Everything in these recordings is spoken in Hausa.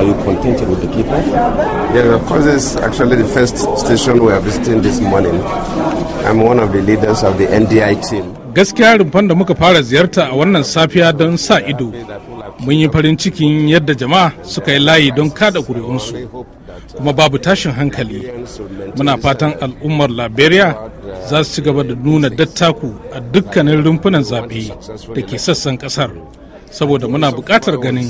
Are you contented with the kickoff? Yeah, of course, it's actually the first station we are visiting this morning. I'm one of the leaders of the NDI team. Gaskiya rumfan da muka fara ziyarta a wannan safiya don sa ido. Mun yi farin cikin yadda jama'a suka yi layi don kada kuri'unsu, kuma babu tashin hankali. Muna fatan al'ummar Liberia za su ci gaba da nuna dattaku a dukkanin rumfunan zaɓe da ke sassan ƙasar. saboda muna buƙatar ganin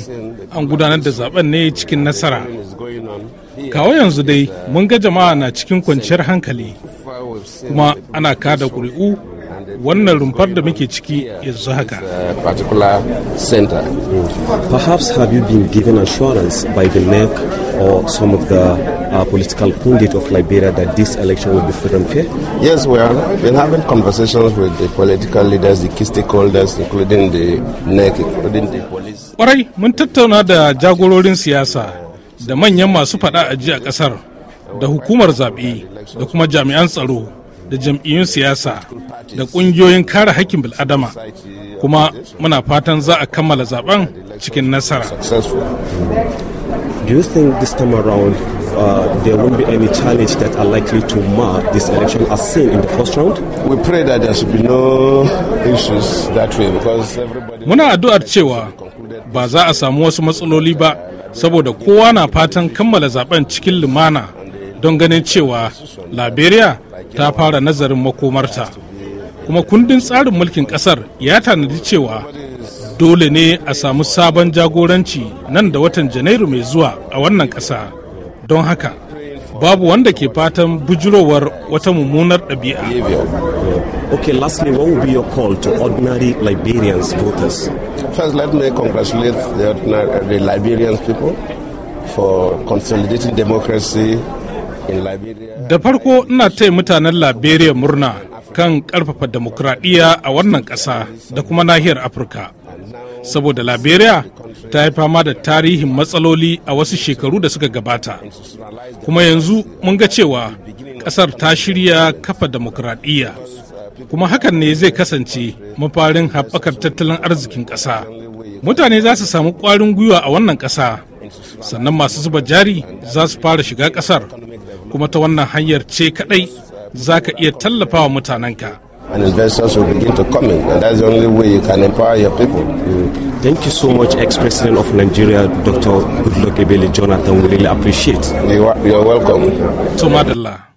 an gudanar da zaben ne cikin nasara kawo yanzu dai mun ga jama'a na cikin kwanciyar hankali kuma ana kada ƙuri'u wannan rumfar da muke ciki yanzu haka. Perhaps have you been given assurance by the NEC or some of the uh, political pundit of Liberia that this election will be free and fair? Yes, we have been having conversations with the political leaders, the key stakeholders, including the NEC, including the police. Kwarai, mun tattauna da jagororin siyasa da manyan masu faɗa a ji a ƙasar da hukumar zaɓe da kuma jami'an tsaro. da jam'iyyun siyasa da ƙungiyoyin kare hakkin bil'adama kuma muna fatan za a kammala zaben cikin nasara. Do you think this time around uh, there won't be any challenge that are likely to mar this election as seen in the first round? We pray that there should be no issues that way because everybody... Muna addu'ar cewa ba za a samu wasu matsaloli ba saboda kowa na fatan kammala zaben cikin lumana don ganin cewa Liberia ta fara nazarin makomarta kuma kundin tsarin mulkin kasar ya tanadi cewa dole ne a samu sabon jagoranci nan da watan janairu mai zuwa a wannan kasa don haka babu wanda ke fatan bujirowar wata mummunar ɗabi'a. Okay, lastly, what will be your call to ordinary Liberians voters? First, let me congratulate the, ordinary, the Liberians people for consolidating democracy Da farko ina taya mutanen Liberia murna kan ƙarfafa demokradiyya a wannan ƙasa da kuma nahiyar Afirka. Saboda Liberia ta yi fama da tarihin matsaloli a wasu shekaru da suka gabata. Kuma yanzu mun ga cewa ƙasar ta shirya kafa demokradiyya. Kuma hakan ne zai kasance mafarin haɓakar tattalin arzikin ƙasa. Mutane za su samu ƙwarin gwiwa a wannan ƙasa sannan masu zuba jari za su fara shiga ƙasar? kuma ta wannan hanyar ce kadai za ka iya tallafawa mutanenka. and investors will begin to come in. And that's the only way you can empower your people. Mm. Thank you so much, ex-president of Nigeria, Dr. Goodluck Ebele Jonathan. We really appreciate. You are, you're welcome. To Yeah.